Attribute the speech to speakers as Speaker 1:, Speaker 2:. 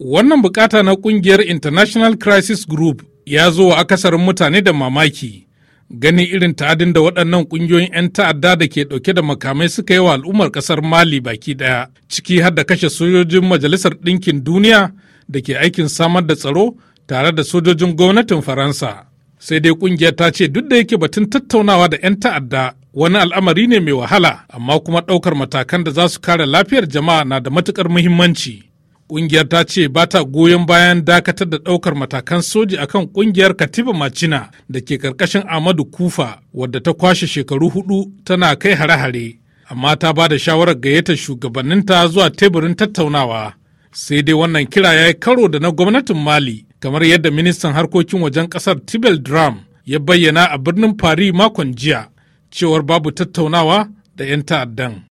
Speaker 1: Wannan bukata na kungiyar International Crisis Group ya zo wa akasarin mutane da mamaki. gani irin ta'adin da waɗannan ƙungiyoyin 'yan ta'adda da ke ɗauke da makamai suka yi wa al'ummar ƙasar Mali baki ɗaya, ciki har da kashe sojojin Majalisar Ɗinkin Duniya da ke aikin samar da tsaro tare da sojojin gwamnatin Faransa. Sai dai ƙungiyar ta ce duk da yake batun tattaunawa da 'yan ta'adda wani al'amari ne mai wahala, amma kuma ɗaukar matakan da za su kare lafiyar jama'a na da matuƙar muhimmanci. Ƙungiyar ta ce ba ta goyon bayan dakatar da ɗaukar matakan soji akan ƙungiyar Katiba Machina da ke ƙarƙashin Amadu Kufa wadda ta kwashe shekaru hudu tana kai hare-hare, amma ta ba da shawarar gayyatar shugabanninta zuwa teburin tattaunawa. Sai dai wannan kira ya yi karo da na gwamnatin Mali, kamar yadda ministan harkokin wajen ƙasar Tibel Dram ya bayyana a birnin Paris makon jiya, cewar babu tattaunawa da 'yan ta'addan.